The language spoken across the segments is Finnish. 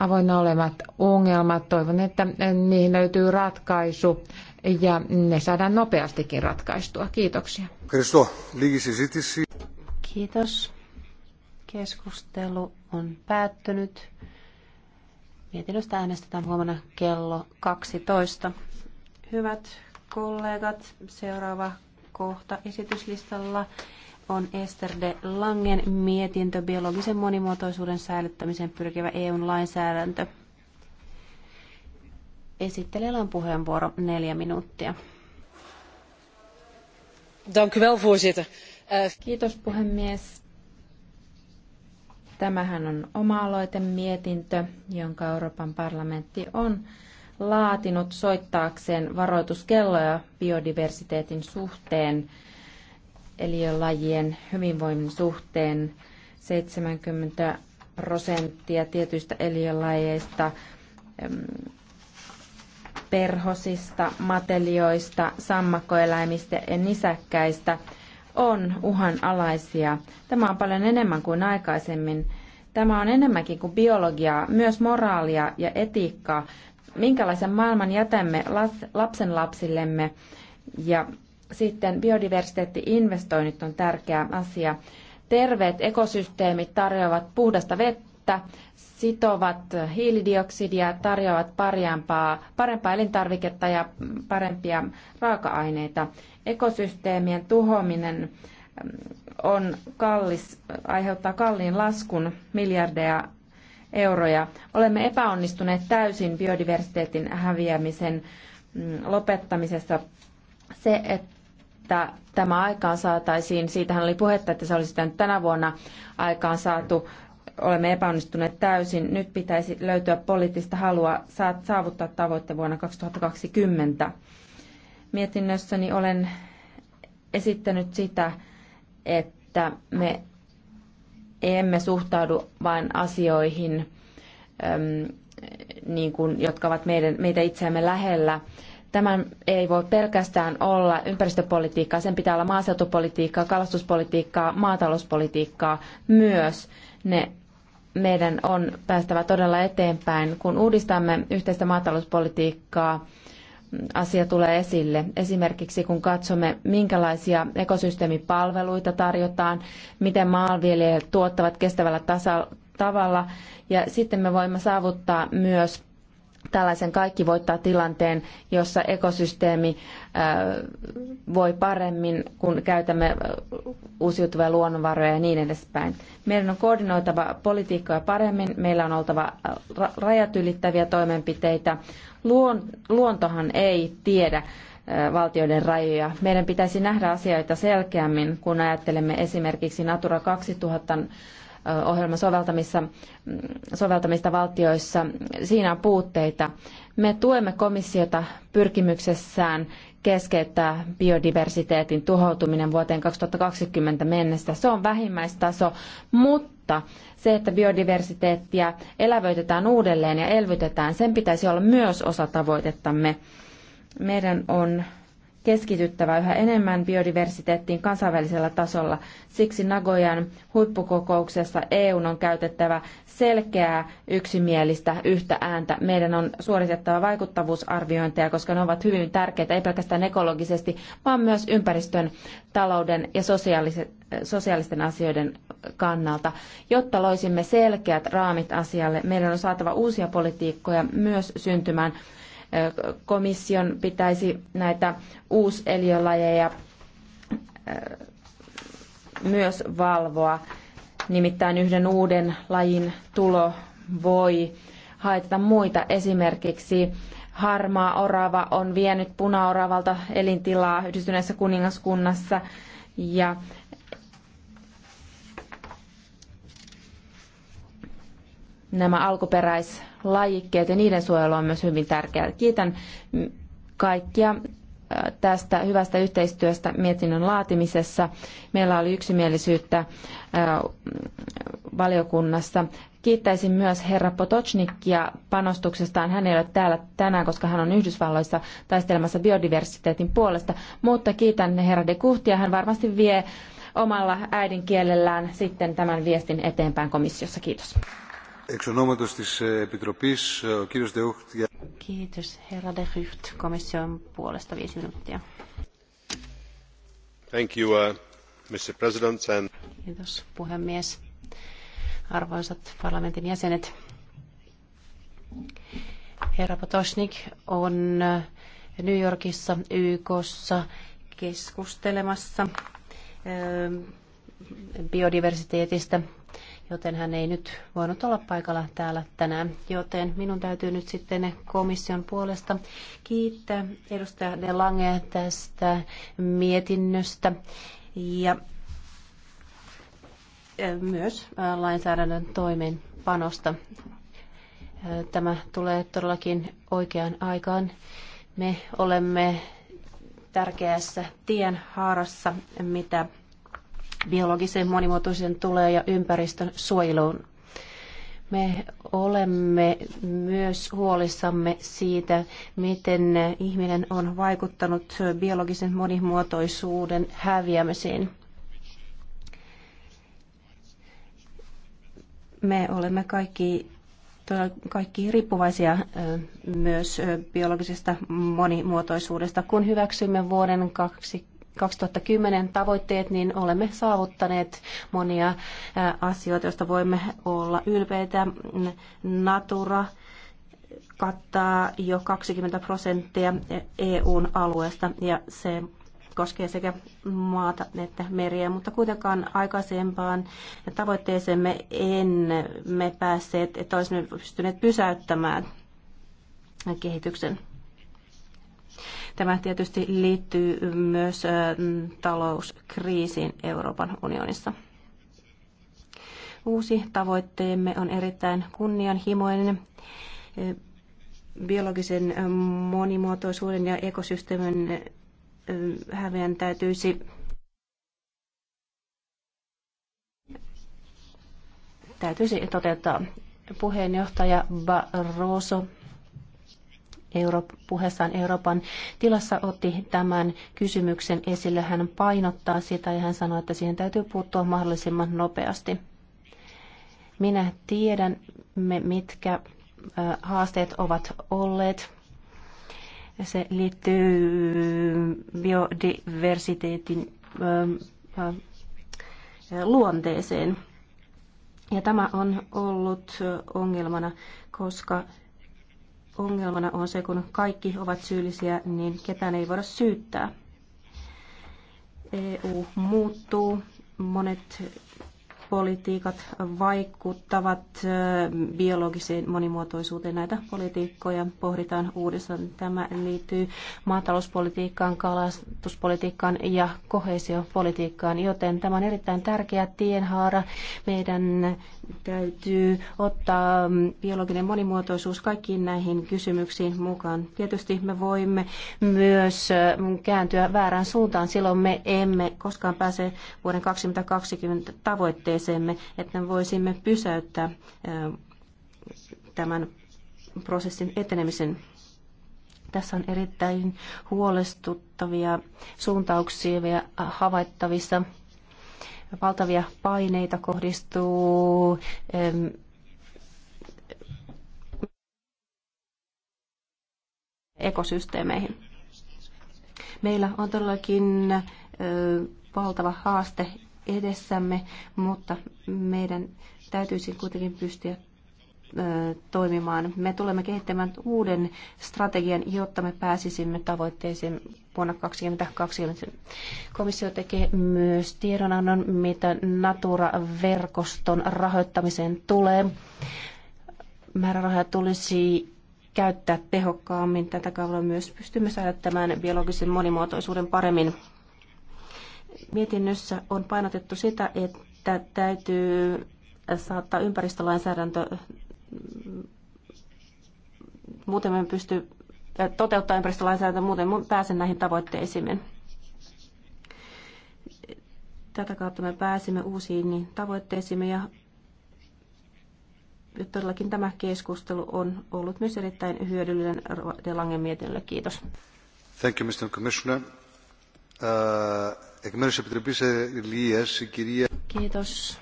avoinna olevat ongelmat. Toivon, että niihin löytyy ratkaisu ja ne saadaan nopeastikin ratkaistua. Kiitoksia. Kiitos. Keskustelu on päättynyt. Mietinnöstä äänestetään huomenna kello 12. Hyvät kollegat, seuraava kohta esityslistalla on Ester de Langen mietintö biologisen monimuotoisuuden säilyttämiseen pyrkivä EUn lainsäädäntö. Esittelijällä on puheenvuoro neljä minuuttia. Dank u wel, voorzitter. Eh, Kiitos puhemies. Tämähän on oma-aloite mietintö, jonka Euroopan parlamentti on laatinut soittaakseen varoituskelloja biodiversiteetin suhteen eliölajien hyvinvoinnin suhteen. 70 prosenttia tietyistä eliölajeista, perhosista, matelioista, sammakkoeläimistä ja nisäkkäistä on uhanalaisia. Tämä on paljon enemmän kuin aikaisemmin. Tämä on enemmänkin kuin biologiaa, myös moraalia ja etiikkaa. Minkälaisen maailman jätämme lapsenlapsillemme ja sitten biodiversiteetti-investoinnit on tärkeä asia. Terveet ekosysteemit tarjoavat puhdasta vettä, sitovat hiilidioksidia, tarjoavat parempaa, parempaa elintarviketta ja parempia raaka-aineita. Ekosysteemien tuhoaminen mm, on kallis, aiheuttaa kalliin laskun miljardeja euroja. Olemme epäonnistuneet täysin biodiversiteetin häviämisen mm, lopettamisessa. Se, että että tämä aikaan saataisiin. Siitähän oli puhetta, että se olisi tänä vuonna aikaan saatu. Olemme epäonnistuneet täysin. Nyt pitäisi löytyä poliittista halua saavuttaa tavoitte vuonna 2020. Mietinnössäni olen esittänyt sitä, että me emme suhtaudu vain asioihin, niin kuin, jotka ovat meidän, meitä itseämme lähellä, Tämän ei voi pelkästään olla ympäristöpolitiikkaa, sen pitää olla maaseutupolitiikkaa, kalastuspolitiikkaa, maatalouspolitiikkaa myös. Ne meidän on päästävä todella eteenpäin. Kun uudistamme yhteistä maatalouspolitiikkaa, asia tulee esille. Esimerkiksi kun katsomme, minkälaisia ekosysteemipalveluita tarjotaan, miten maanviljelijät tuottavat kestävällä tavalla, ja sitten me voimme saavuttaa myös tällaisen kaikki voittaa tilanteen, jossa ekosysteemi voi paremmin, kun käytämme uusiutuvia luonnonvaroja ja niin edespäin. Meidän on koordinoitava politiikkoja paremmin, meillä on oltava rajat ylittäviä toimenpiteitä. Luontohan ei tiedä valtioiden rajoja. Meidän pitäisi nähdä asioita selkeämmin, kun ajattelemme esimerkiksi Natura 2000 ohjelman soveltamista, soveltamista valtioissa, siinä on puutteita. Me tuemme komissiota pyrkimyksessään keskeyttää biodiversiteetin tuhoutuminen vuoteen 2020 mennessä. Se on vähimmäistaso, mutta se, että biodiversiteettiä elävöitetään uudelleen ja elvytetään, sen pitäisi olla myös osa tavoitettamme. Meidän on keskityttävä yhä enemmän biodiversiteettiin kansainvälisellä tasolla. Siksi Nagojan huippukokouksessa EUn on käytettävä selkeää, yksimielistä, yhtä ääntä. Meidän on suoritettava vaikuttavuusarviointeja, koska ne ovat hyvin tärkeitä, ei pelkästään ekologisesti, vaan myös ympäristön, talouden ja sosiaalisten asioiden kannalta. Jotta loisimme selkeät raamit asialle, meidän on saatava uusia politiikkoja myös syntymään Komission pitäisi näitä uuseliölajeja myös valvoa. Nimittäin yhden uuden lajin tulo voi haitata muita. Esimerkiksi harmaa orava on vienyt punaoravalta elintilaa yhdistyneessä kuningaskunnassa ja nämä alkuperäislajikkeet ja niiden suojelu on myös hyvin tärkeää. Kiitän kaikkia äh, tästä hyvästä yhteistyöstä mietinnön laatimisessa. Meillä oli yksimielisyyttä äh, valiokunnassa. Kiittäisin myös herra Potocnikia panostuksestaan. Hän ei ole täällä tänään, koska hän on Yhdysvalloissa taistelemassa biodiversiteetin puolesta, mutta kiitän herra de Kuhtia. Hän varmasti vie omalla äidinkielellään sitten tämän viestin eteenpäin komissiossa. Kiitos. Kiitos, herra de Gucht, komission puolesta viisi minuuttia. Thank you, uh, Mr. President and... Kiitos, puhemies. Arvoisat parlamentin jäsenet, herra Potosnik on äh, New Yorkissa YKssa keskustelemassa ähm, biodiversiteetistä joten hän ei nyt voinut olla paikalla täällä tänään. Joten minun täytyy nyt sitten komission puolesta kiittää edustaja De Lange tästä mietinnöstä ja myös lainsäädännön toimeenpanosta. Tämä tulee todellakin oikeaan aikaan. Me olemme tärkeässä tienhaarassa, mitä biologisen monimuotoisen tulee ja ympäristön suojeluun. Me olemme myös huolissamme siitä, miten ihminen on vaikuttanut biologisen monimuotoisuuden häviämiseen. Me olemme kaikki, kaikki riippuvaisia myös biologisesta monimuotoisuudesta, kun hyväksymme vuoden 2020 2010 tavoitteet, niin olemme saavuttaneet monia asioita, joista voimme olla ylpeitä. Natura kattaa jo 20 prosenttia EUn alueesta ja se koskee sekä maata että meriä, mutta kuitenkaan aikaisempaan tavoitteeseemme emme päässeet, että olisimme pystyneet pysäyttämään kehityksen. Tämä tietysti liittyy myös talouskriisiin Euroopan unionissa. Uusi tavoitteemme on erittäin kunnianhimoinen biologisen monimuotoisuuden ja ekosysteemin häviän täytyisi täytyisi toteuttaa puheenjohtaja Barroso Euro- puheessaan Euroopan tilassa otti tämän kysymyksen esille. Hän painottaa sitä ja hän sanoi, että siihen täytyy puuttua mahdollisimman nopeasti. Minä tiedän, mitkä haasteet ovat olleet. Se liittyy biodiversiteetin luonteeseen. Ja tämä on ollut ongelmana, koska ongelmana on se, kun kaikki ovat syyllisiä, niin ketään ei voida syyttää. EU muuttuu, monet politiikat vaikuttavat biologiseen monimuotoisuuteen. Näitä politiikkoja pohditaan uudestaan. Tämä liittyy maatalouspolitiikkaan, kalastuspolitiikkaan ja kohesiopolitiikkaan, joten tämä on erittäin tärkeä tienhaara. Meidän täytyy ottaa biologinen monimuotoisuus kaikkiin näihin kysymyksiin mukaan. Tietysti me voimme myös kääntyä väärään suuntaan. Silloin me emme koskaan pääse vuoden 2020 tavoitteeseen tilanteeseemme, että voisimme pysäyttää tämän prosessin etenemisen. Tässä on erittäin huolestuttavia suuntauksia ja havaittavissa. Valtavia paineita kohdistuu ekosysteemeihin. Meillä on todellakin valtava haaste edessämme, mutta meidän täytyisi kuitenkin pystyä toimimaan. Me tulemme kehittämään uuden strategian, jotta me pääsisimme tavoitteeseen vuonna 2020. Komissio tekee myös tiedonannon, mitä Natura-verkoston rahoittamiseen tulee. Määrärahoja tulisi käyttää tehokkaammin. Tätä kautta myös pystymme säilyttämään biologisen monimuotoisuuden paremmin Mietinnössä on painotettu sitä, että täytyy saattaa ympäristölainsäädäntö, muuten me pysty toteuttaa ympäristölainsäädäntö, muuten pääsen näihin tavoitteisiin. Tätä kautta me pääsimme uusiin tavoitteisiin ja todellakin tämä keskustelu on ollut myös erittäin hyödyllinen Langen mietinnölle. Kiitos. Thank you, Mr. Commissioner. Uh, Kiitos.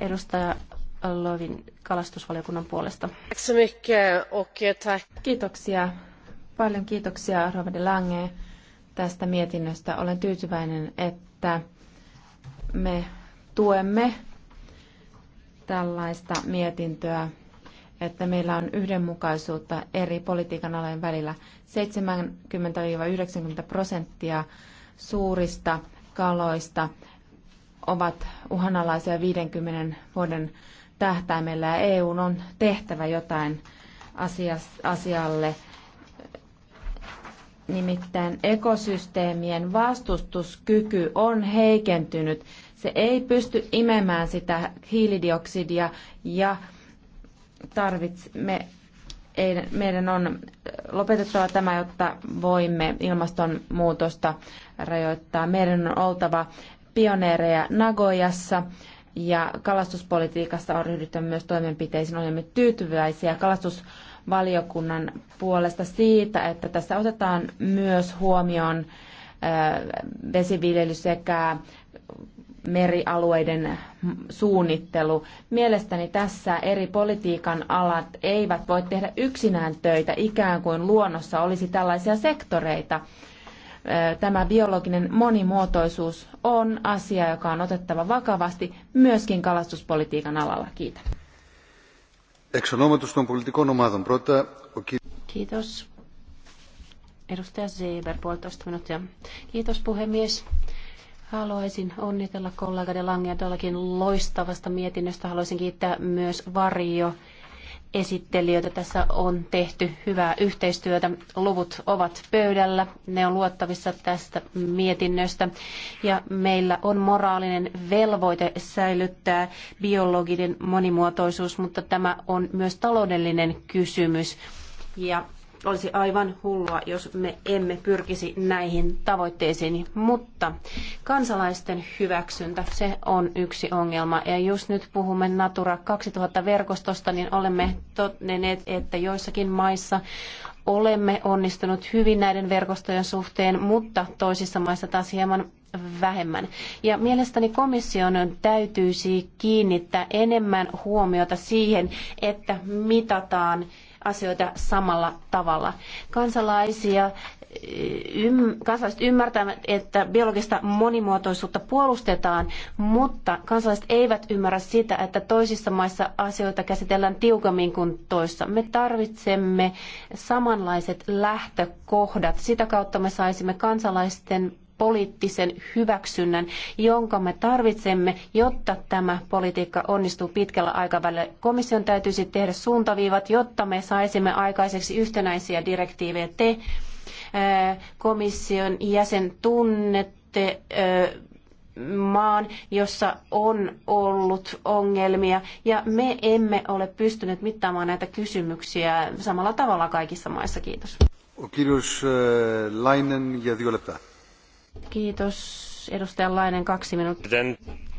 Edustaja Lovin kalastusvaliokunnan puolesta. Kiitoksia. Paljon kiitoksia Robert Lange tästä mietinnöstä. Olen tyytyväinen, että me tuemme tällaista mietintöä että meillä on yhdenmukaisuutta eri politiikan alojen välillä. 70-90 prosenttia suurista kaloista ovat uhanalaisia 50 vuoden tähtäimellä ja EU on tehtävä jotain asias, asialle. Nimittäin ekosysteemien vastustuskyky on heikentynyt. Se ei pysty imemään sitä hiilidioksidia ja ei, meidän on lopetettava tämä, jotta voimme ilmastonmuutosta rajoittaa. Meidän on oltava pioneereja Nagojassa ja kalastuspolitiikassa on ryhdyttävä myös toimenpiteisiin. Olemme tyytyväisiä kalastusvaliokunnan puolesta siitä, että tässä otetaan myös huomioon vesiviljely sekä merialueiden suunnittelu. Mielestäni tässä eri politiikan alat eivät voi tehdä yksinään töitä, ikään kuin luonnossa olisi tällaisia sektoreita. Tämä biologinen monimuotoisuus on asia, joka on otettava vakavasti myöskin kalastuspolitiikan alalla. Kiitän. Kiitos. Edustaja Zeber, puolitoista minuuttia. Kiitos puhemies. Haluaisin onnitella kollega De Langia tuollakin loistavasta mietinnöstä. Haluaisin kiittää myös Varjo esittelijöitä. Tässä on tehty hyvää yhteistyötä. Luvut ovat pöydällä, ne on luottavissa tästä mietinnöstä. Ja meillä on moraalinen velvoite säilyttää biologinen monimuotoisuus, mutta tämä on myös taloudellinen kysymys. Ja olisi aivan hullua, jos me emme pyrkisi näihin tavoitteisiin, mutta kansalaisten hyväksyntä, se on yksi ongelma. Ja jos nyt puhumme Natura 2000-verkostosta, niin olemme todenneet, että joissakin maissa olemme onnistunut hyvin näiden verkostojen suhteen, mutta toisissa maissa taas hieman vähemmän. Ja mielestäni komission täytyisi kiinnittää enemmän huomiota siihen, että mitataan asioita samalla tavalla. Kansalaisia eh, kansalaiset ymmärtävät, että biologista monimuotoisuutta puolustetaan, mutta kansalaiset eivät ymmärrä sitä, että toisissa maissa asioita käsitellään tiukemmin kuin toissa. Me tarvitsemme samanlaiset lähtökohdat. Sitä kautta me saisimme kansalaisten poliittisen hyväksynnän, jonka me tarvitsemme, jotta tämä politiikka onnistuu pitkällä aikavälillä. Komission täytyisi tehdä suuntaviivat, jotta me saisimme aikaiseksi yhtenäisiä direktiivejä. Te, äh, komission jäsen, tunnette äh, maan, jossa on ollut ongelmia, ja me emme ole pystyneet mittaamaan näitä kysymyksiä samalla tavalla kaikissa maissa. Kiitos. Ο κύριος Λάινεν για δύο λεπτά. Kiitos edustaja Lainen, kaksi minuuttia.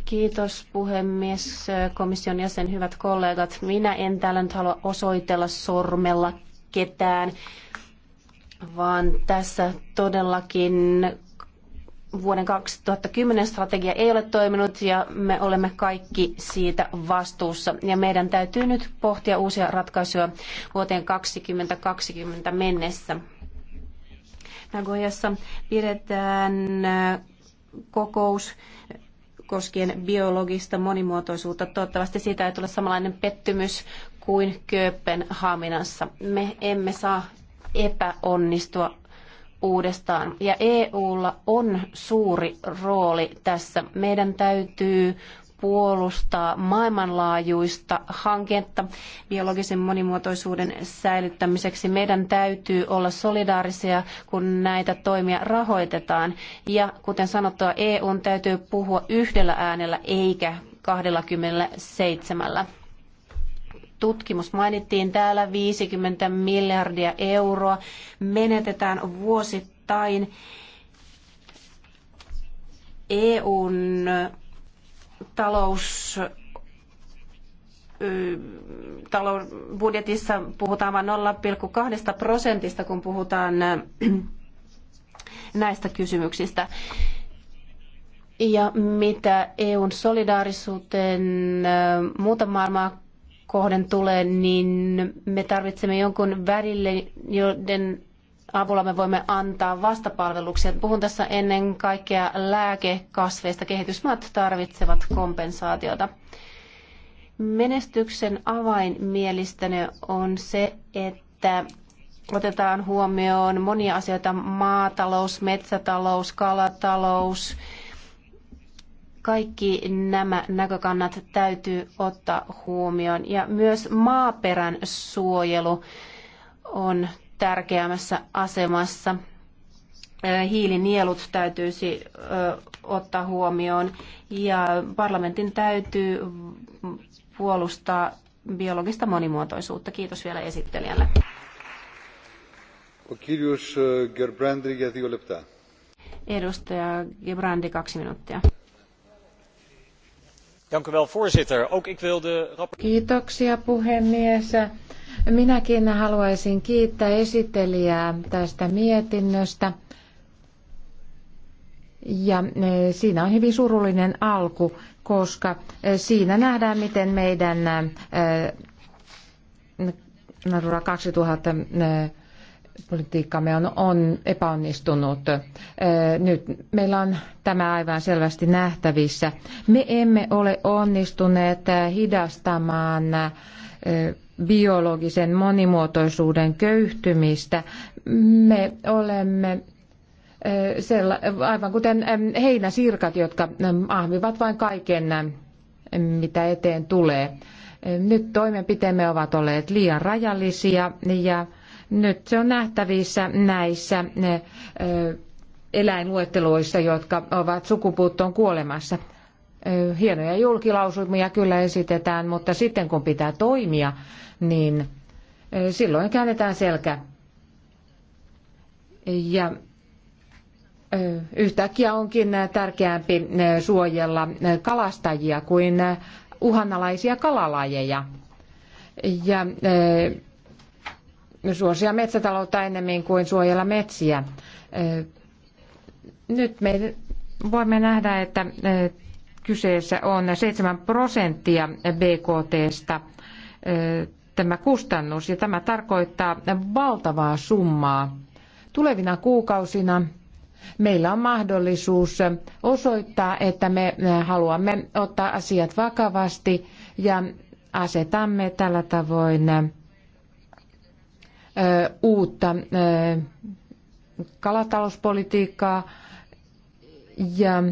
Kiitos puhemies, komission jäsen, hyvät kollegat. Minä en täällä nyt halua osoitella sormella ketään, vaan tässä todellakin vuoden 2010 strategia ei ole toiminut ja me olemme kaikki siitä vastuussa. Ja meidän täytyy nyt pohtia uusia ratkaisuja vuoteen 2020 mennessä. Nagoyassa pidetään kokous koskien biologista monimuotoisuutta. Toivottavasti siitä ei tule samanlainen pettymys kuin Kööpenhaminassa. Me emme saa epäonnistua uudestaan. Ja EUlla on suuri rooli tässä. Meidän täytyy puolustaa maailmanlaajuista hanketta biologisen monimuotoisuuden säilyttämiseksi. Meidän täytyy olla solidaarisia, kun näitä toimia rahoitetaan. Ja kuten sanottua, EUn täytyy puhua yhdellä äänellä eikä 27. Tutkimus mainittiin täällä 50 miljardia euroa menetetään vuosittain. EUn talous talous, budjetissa puhutaan vain 0,2 prosentista, kun puhutaan näistä kysymyksistä. Ja mitä EUn solidaarisuuteen muuta maailmaa kohden tulee, niin me tarvitsemme jonkun välille, joiden avulla me voimme antaa vastapalveluksia. Puhun tässä ennen kaikkea lääkekasveista. Kehitysmaat tarvitsevat kompensaatiota. Menestyksen avain mielestäni on se, että otetaan huomioon monia asioita, maatalous, metsätalous, kalatalous, kaikki nämä näkökannat täytyy ottaa huomioon. Ja myös maaperän suojelu on tärkeämmässä asemassa. Hiilinielut täytyisi ottaa huomioon ja parlamentin täytyy puolustaa biologista monimuotoisuutta. Kiitos vielä esittelijälle. Edustaja Gebrandi, kaksi minuuttia. Kiitoksia puhemies. Minäkin haluaisin kiittää esittelijää tästä mietinnöstä. Ja eh, siinä on hyvin surullinen alku, koska eh, siinä nähdään, miten meidän eh, Natura 2000 politiikkamme on, on epäonnistunut. Nyt meillä on tämä aivan selvästi nähtävissä. Me emme ole onnistuneet hidastamaan biologisen monimuotoisuuden köyhtymistä. Me olemme aivan kuten heinäsirkat, jotka ahmivat vain kaiken, mitä eteen tulee. Nyt toimenpiteemme ovat olleet liian rajallisia ja nyt se on nähtävissä näissä eläinluetteloissa, jotka ovat sukupuuttoon kuolemassa hienoja julkilausumia kyllä esitetään, mutta sitten kun pitää toimia, niin silloin käännetään selkä. Ja yhtäkkiä onkin tärkeämpi suojella kalastajia kuin uhanalaisia kalalajeja. Ja suosia metsätaloutta ennemmin kuin suojella metsiä. Nyt me voimme nähdä, että Kyseessä on 7 prosenttia BKTstä tämä kustannus ja tämä tarkoittaa valtavaa summaa. Tulevina kuukausina meillä on mahdollisuus osoittaa, että me haluamme ottaa asiat vakavasti ja asetamme tällä tavoin uutta kalatalouspolitiikkaa ja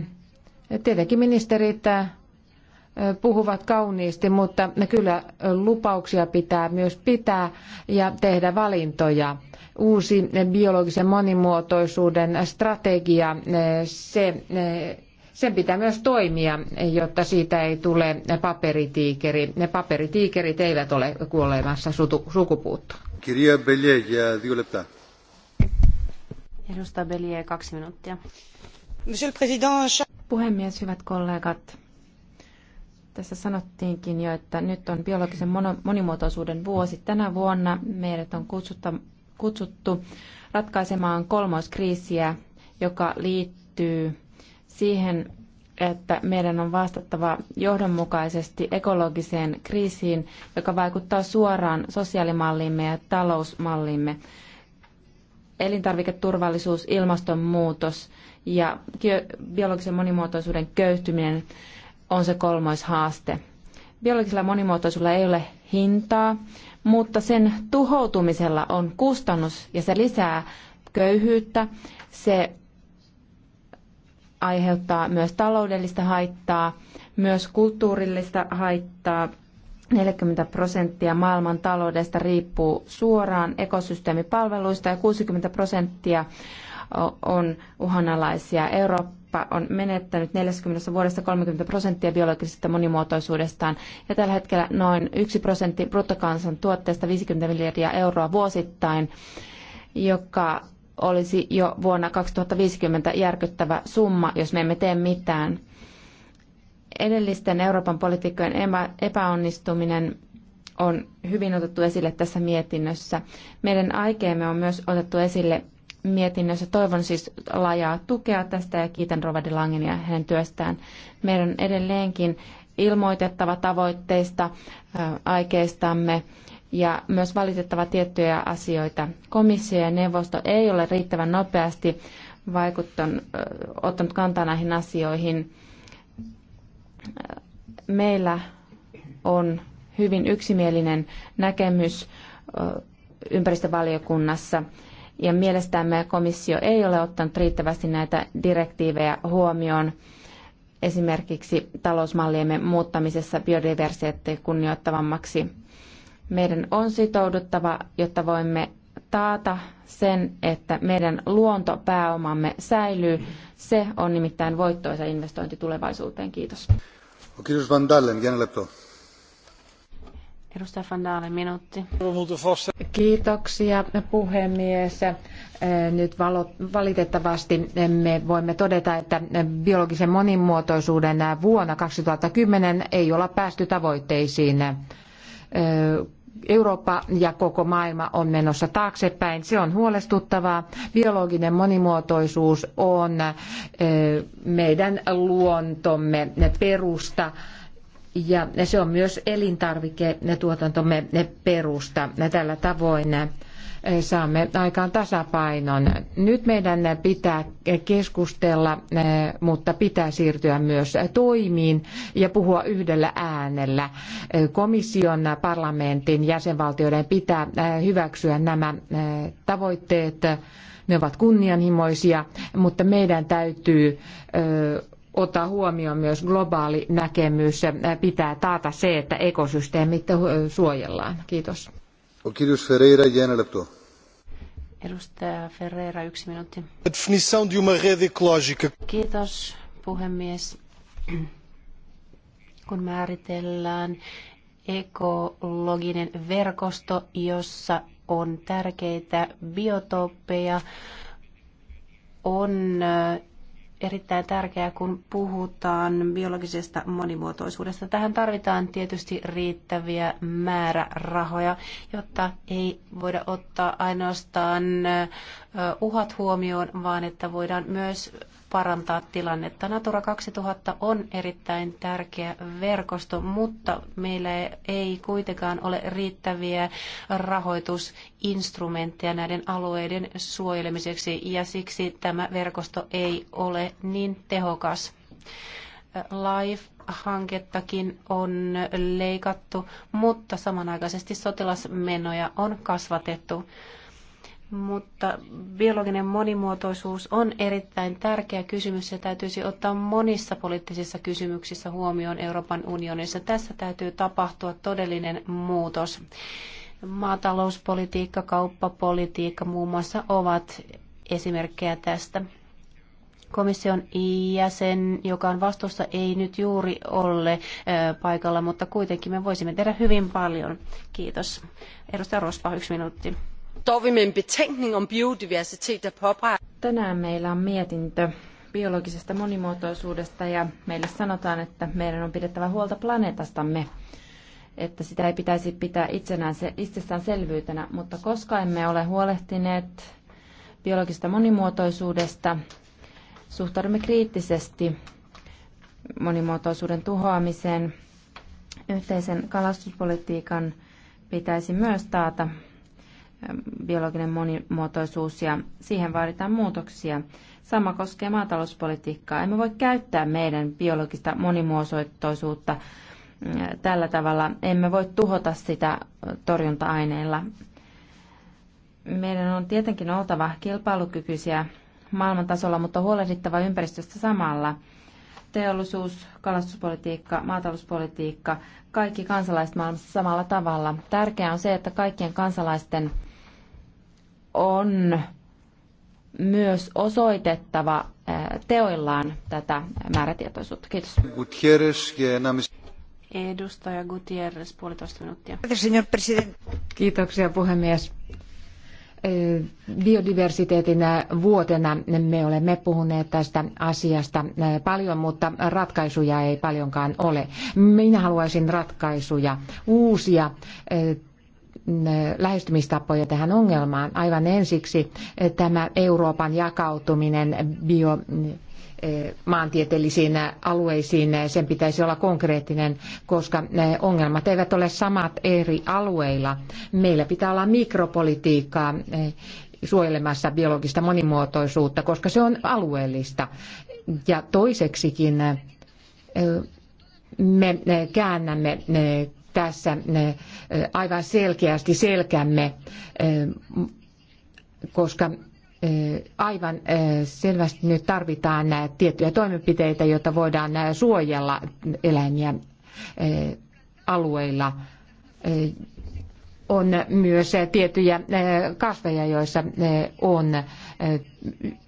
Tietenkin ministerit äh, puhuvat kauniisti, mutta kyllä lupauksia pitää myös pitää ja tehdä valintoja. Uusi biologisen monimuotoisuuden strategia, äh, se, äh, sen pitää myös toimia, jotta siitä ei tule paperitiikeri. Ne paperitiikerit eivät ole kuolemassa sukupuuttoon. Kirja Belje ja Edustaja Belje, kaksi minuuttia. Monsieur le Président, Puhemies, hyvät kollegat. Tässä sanottiinkin jo, että nyt on biologisen monimuotoisuuden vuosi. Tänä vuonna meidät on kutsutta, kutsuttu ratkaisemaan kolmoiskriisiä, joka liittyy siihen, että meidän on vastattava johdonmukaisesti ekologiseen kriisiin, joka vaikuttaa suoraan sosiaalimalliimme ja talousmalliimme elintarviketurvallisuus, ilmastonmuutos ja biologisen monimuotoisuuden köyhtyminen on se kolmois haaste. Biologisella monimuotoisuudella ei ole hintaa, mutta sen tuhoutumisella on kustannus ja se lisää köyhyyttä. Se aiheuttaa myös taloudellista haittaa, myös kulttuurillista haittaa 40 prosenttia maailman taloudesta riippuu suoraan ekosysteemipalveluista ja 60 prosenttia on uhanalaisia. Eurooppa on menettänyt 40 vuodessa 30 prosenttia biologisesta monimuotoisuudestaan ja tällä hetkellä noin 1 prosentti bruttokansantuotteesta 50 miljardia euroa vuosittain, joka olisi jo vuonna 2050 järkyttävä summa, jos me emme tee mitään. Edellisten Euroopan politiikkojen epäonnistuminen on hyvin otettu esille tässä mietinnössä. Meidän aikeemme on myös otettu esille mietinnössä. Toivon siis laajaa tukea tästä ja kiitän Rovadi Langen ja hänen työstään. Meidän on edelleenkin ilmoitettava tavoitteista, aikeistamme ja myös valitettava tiettyjä asioita. Komissio ja neuvosto ei ole riittävän nopeasti vaikuttanut, ottanut kantaa näihin asioihin meillä on hyvin yksimielinen näkemys ympäristövaliokunnassa ja mielestämme komissio ei ole ottanut riittävästi näitä direktiivejä huomioon esimerkiksi talousmalliemme muuttamisessa biodiversiteettiä kunnioittavammaksi. Meidän on sitouduttava, jotta voimme taata sen, että meidän luontopääomamme säilyy. Se on nimittäin voittoisa investointi tulevaisuuteen. Kiitos. Kiitos Van Dalen, Edustaja Van Dalen, minuutti. Kiitoksia puhemies. Äh, nyt valitettavasti me voimme todeta, että biologisen monimuotoisuuden vuonna 2010 ei olla päästy tavoitteisiin äh, Eurooppa ja koko maailma on menossa taaksepäin. Se on huolestuttavaa. Biologinen monimuotoisuus on meidän luontomme perusta ja se on myös elintarviketuotantomme perusta. Tällä tavoin saamme aikaan tasapainon. Nyt meidän pitää keskustella, eh, mutta pitää siirtyä myös toimiin ja puhua yhdellä äänellä. Eh, komission, parlamentin, jäsenvaltioiden pitää eh, hyväksyä nämä tavoitteet. Ne ovat kunnianhimoisia, mutta meidän täytyy ottaa huomioon myös globaali näkemys. Pitää taata se, että ekosysteemit suojellaan. Kiitos. Ferreira, Edustaja Ferreira, yksi minuutti. Definição de uma rede ecológica. Kiitos, puhemies. Kun määritellään ekologinen verkosto, jossa on tärkeitä biotooppeja, on erittäin tärkeää, kun puhutaan biologisesta monimuotoisuudesta. Tähän tarvitaan tietysti riittäviä määrärahoja, jotta ei voida ottaa ainoastaan uhat huomioon, vaan että voidaan myös parantaa tilannetta. Natura 2000 on erittäin tärkeä verkosto, mutta meillä ei kuitenkaan ole riittäviä rahoitusinstrumentteja näiden alueiden suojelemiseksi ja siksi tämä verkosto ei ole niin tehokas. LIFE-hankettakin on leikattu, mutta samanaikaisesti sotilasmenoja on kasvatettu mutta biologinen monimuotoisuus on erittäin tärkeä kysymys ja täytyisi ottaa monissa poliittisissa kysymyksissä huomioon Euroopan unionissa. Tässä täytyy tapahtua todellinen muutos. Maatalouspolitiikka, kauppapolitiikka muun muassa ovat esimerkkejä tästä. Komission jäsen, joka on vastuussa, ei nyt juuri ole paikalla, mutta kuitenkin me voisimme tehdä hyvin paljon. Kiitos. Edustaja Rospa, yksi minuutti. Tänään meillä on mietintö biologisesta monimuotoisuudesta ja meille sanotaan, että meidän on pidettävä huolta planeetastamme, että sitä ei pitäisi pitää itsenään, itsestäänselvyytenä, mutta koska emme ole huolehtineet biologisesta monimuotoisuudesta, suhtaudumme kriittisesti monimuotoisuuden tuhoamiseen. Yhteisen kalastuspolitiikan pitäisi myös taata biologinen monimuotoisuus ja siihen vaaditaan muutoksia. Sama koskee maatalouspolitiikkaa. Emme voi käyttää meidän biologista monimuotoisuutta mm, tällä tavalla. Emme voi tuhota sitä torjunta-aineilla. Meidän on tietenkin oltava kilpailukykyisiä maailmantasolla, mutta huolehdittava ympäristöstä samalla. Teollisuus, kalastuspolitiikka, maatalouspolitiikka, kaikki kansalaiset maailmassa samalla tavalla. Tärkeää on se, että kaikkien kansalaisten on myös osoitettava teoillaan tätä määrätietoisuutta. Kiitos. Gutierrez, Edustaja Gutierrez, puolitoista minuuttia. Kiitoksia puhemies. Biodiversiteetin vuotena me olemme puhuneet tästä asiasta paljon, mutta ratkaisuja ei paljonkaan ole. Minä haluaisin ratkaisuja, uusia lähestymistapoja tähän ongelmaan. Aivan ensiksi eh, tämä Euroopan jakautuminen bio eh, maantieteellisiin alueisiin, eh, sen pitäisi olla konkreettinen, koska ongelmat eivät ole samat eri alueilla. Meillä pitää olla mikropolitiikkaa suojelemassa biologista monimuotoisuutta, koska se on alueellista. Ja toiseksikin me käännämme tässä aivan selkeästi selkämme, koska aivan selvästi nyt tarvitaan tiettyjä toimenpiteitä, jotta voidaan suojella eläimiä alueilla. On myös tiettyjä kasveja, joissa on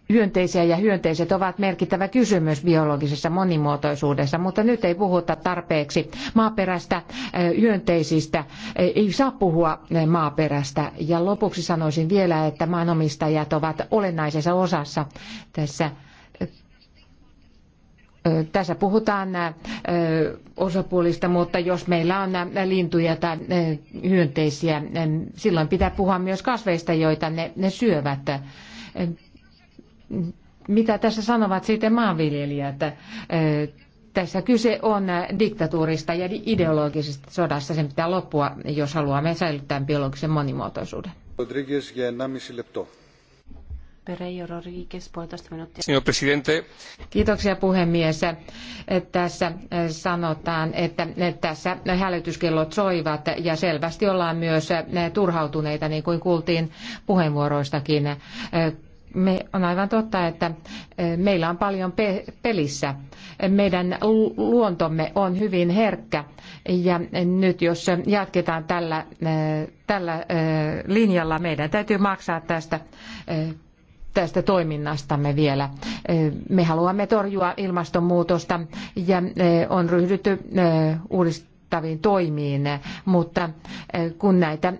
hyönteisiä ja hyönteiset ovat merkittävä kysymys biologisessa monimuotoisuudessa, mutta nyt ei puhuta tarpeeksi maaperästä, hyönteisistä, ei saa puhua maaperästä. Ja lopuksi sanoisin vielä, että maanomistajat ovat olennaisessa osassa tässä tässä puhutaan osapuolista, mutta jos meillä on lintuja tai hyönteisiä, silloin pitää puhua myös kasveista, joita ne, ne syövät mitä tässä sanovat sitten maanviljelijät? Tässä kyse on diktatuurista ja ideologisesta sodasta. Sen pitää loppua, jos haluamme säilyttää biologisen monimuotoisuuden. Rodriguez, ja Pereiro Rodriguez, puolitoista minuuttia. Signor Presidente. Kiitoksia puhemies. Tässä sanotaan, että tässä hälytyskellot soivat ja selvästi ollaan myös turhautuneita, niin kuin kuultiin puheenvuoroistakin me on aivan totta, että e, meillä on paljon pe- pelissä. Meidän luontomme on hyvin herkkä ja nyt jos jatketaan tällä, e, tällä e, linjalla, meidän täytyy maksaa tästä tästä toiminnastamme vielä. Me haluamme torjua ilmastonmuutosta ja on ryhdytty uudistaviin toimiin, mutta kun näitä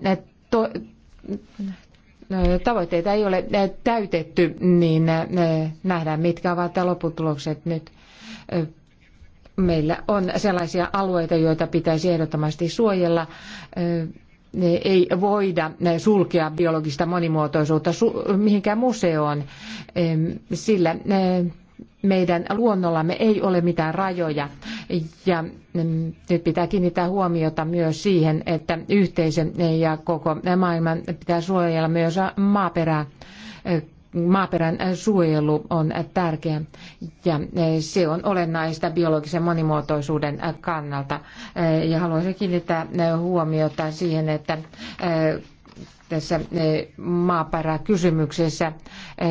tavoitteita ei ole täytetty, niin nähdään, mitkä ovat lopputulokset nyt. Meillä on sellaisia alueita, joita pitäisi ehdottomasti suojella. Ei voida sulkea biologista monimuotoisuutta mihinkään museoon, sillä meidän luonnollamme ei ole mitään rajoja. Ja mm, nyt pitää kiinnittää huomiota myös siihen, että yhteisö ja koko maailman pitää suojella myös maaperää. Maaperän suojelu on tärkeä ja se on olennaista biologisen monimuotoisuuden kannalta. Ja haluaisin kiinnittää huomiota siihen, että tässä eh, maaperäkysymyksessä eh,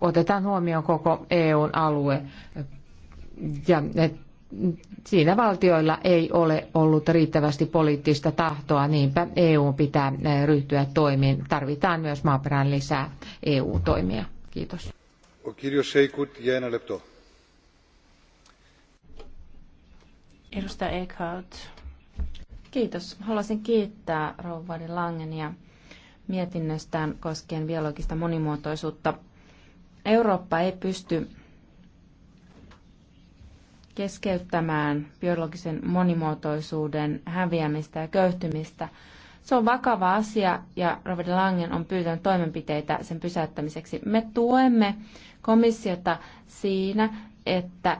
otetaan huomioon koko EUn alue ja eh, siinä valtioilla ei ole ollut riittävästi poliittista tahtoa, niinpä EU pitää ryhtyä toimiin. Tarvitaan myös maaperään lisää EU-toimia. Kiitos. Edustaja Eckhout. Kiitos. Haluaisin kiittää rouva Langenia mietinnöstään koskien biologista monimuotoisuutta. Eurooppa ei pysty keskeyttämään biologisen monimuotoisuuden häviämistä ja köyhtymistä. Se on vakava asia ja Robert Langen on pyytänyt toimenpiteitä sen pysäyttämiseksi. Me tuemme komissiota siinä, että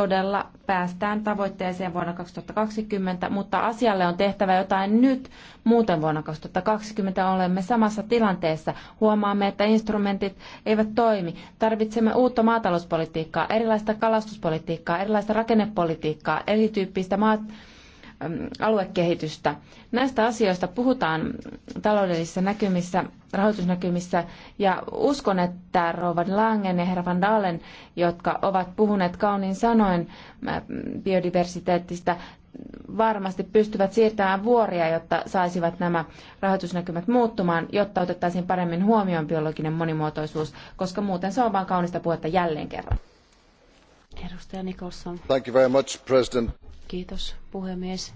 todella päästään tavoitteeseen vuonna 2020, mutta asialle on tehtävä jotain nyt. Muuten vuonna 2020 olemme samassa tilanteessa. Huomaamme, että instrumentit eivät toimi. Tarvitsemme uutta maatalouspolitiikkaa, erilaista kalastuspolitiikkaa, erilaista rakennepolitiikkaa, erityyppistä maatalouspolitiikkaa aluekehitystä. Näistä asioista puhutaan taloudellisissa näkymissä, rahoitusnäkymissä ja uskon, että Rovan Langen ja Herra Van Dalen, jotka ovat puhuneet kauniin sanoin biodiversiteettistä, varmasti pystyvät siirtämään vuoria, jotta saisivat nämä rahoitusnäkymät muuttumaan, jotta otettaisiin paremmin huomioon biologinen monimuotoisuus, koska muuten se on vain kaunista puhetta jälleen kerran. Edustaja Nicholson. Thank you very much, President. Kiitos puhemies.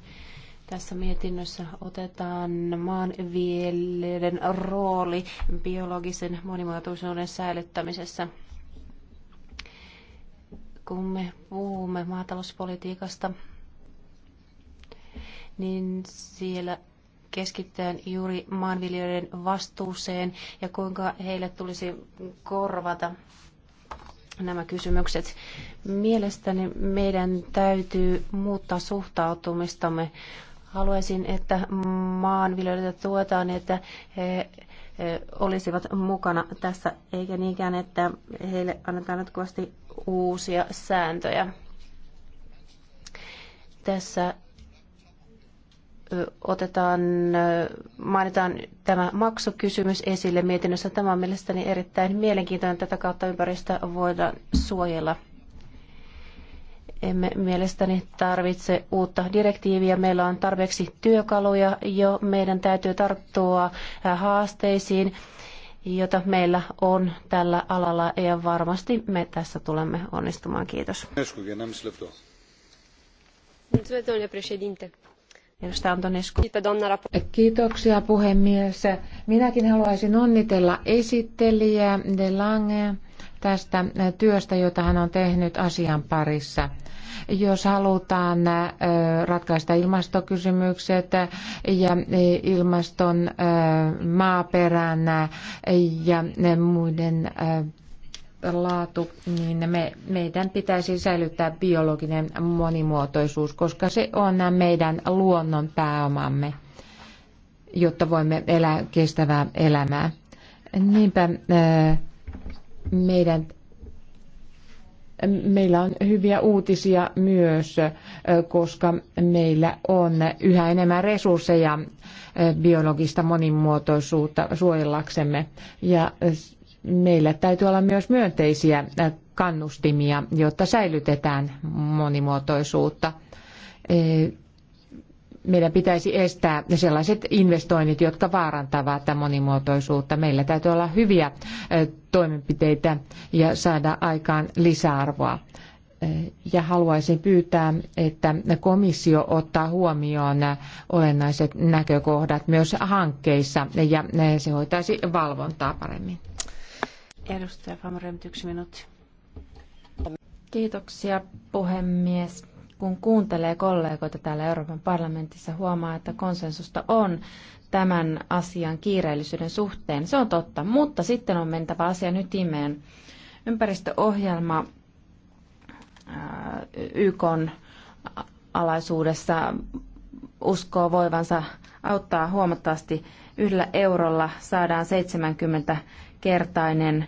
Tässä mietinnössä otetaan maanviljelijöiden rooli biologisen monimuotoisuuden säilyttämisessä. Kun me puhumme maatalouspolitiikasta, niin siellä keskittyen juuri maanviljelijöiden vastuuseen ja kuinka heille tulisi korvata nämä kysymykset. Mielestäni meidän täytyy muuttaa suhtautumistamme. Haluaisin, että maanviljelijöitä tuetaan, että he olisivat mukana tässä, eikä niinkään, että heille annetaan jatkuvasti uusia sääntöjä. Tässä otetaan, mainitaan tämä maksukysymys esille mietinnössä. Tämä on mielestäni erittäin mielenkiintoinen. Tätä kautta ympäristöä voidaan suojella. Emme mielestäni tarvitse uutta direktiiviä. Meillä on tarpeeksi työkaluja jo. Meidän täytyy tarttua haasteisiin, joita meillä on tällä alalla ja varmasti me tässä tulemme onnistumaan. Kiitos. Mulțumesc, domnule președinte. Kiitoksia puhemies. Minäkin haluaisin onnitella esittelijä De Lange tästä työstä, jota hän on tehnyt asian parissa. Jos halutaan ratkaista ilmastokysymykset ja e, ilmaston maaperän ja e, muiden laatu, niin me, meidän pitäisi säilyttää biologinen monimuotoisuus, koska se on meidän luonnon pääomamme, jotta voimme elää kestävää elämää. Niinpä äh, meidän meillä on hyviä uutisia myös, äh, koska meillä on yhä enemmän resursseja äh, biologista monimuotoisuutta suojellaksemme. Ja meillä täytyy olla myös myönteisiä kannustimia, jotta säilytetään monimuotoisuutta. E, meidän pitäisi estää sellaiset investoinnit, jotka vaarantavat monimuotoisuutta. Meillä täytyy olla hyviä toimenpiteitä ja saada aikaan lisäarvoa. E, ja haluaisin pyytää, että komissio ottaa huomioon olennaiset näkökohdat myös hankkeissa ja se hoitaisi valvontaa paremmin. Edustaja yksi minuutti. Kiitoksia puhemies. Kun kuuntelee kollegoita täällä Euroopan parlamentissa, huomaa, että konsensusta on tämän asian kiireellisyyden suhteen. Se on totta, mutta sitten on mentävä asian ytimeen. Ympäristöohjelma äh, YK alaisuudessa uskoo voivansa auttaa huomattavasti. Yhdellä eurolla saadaan 70 kertainen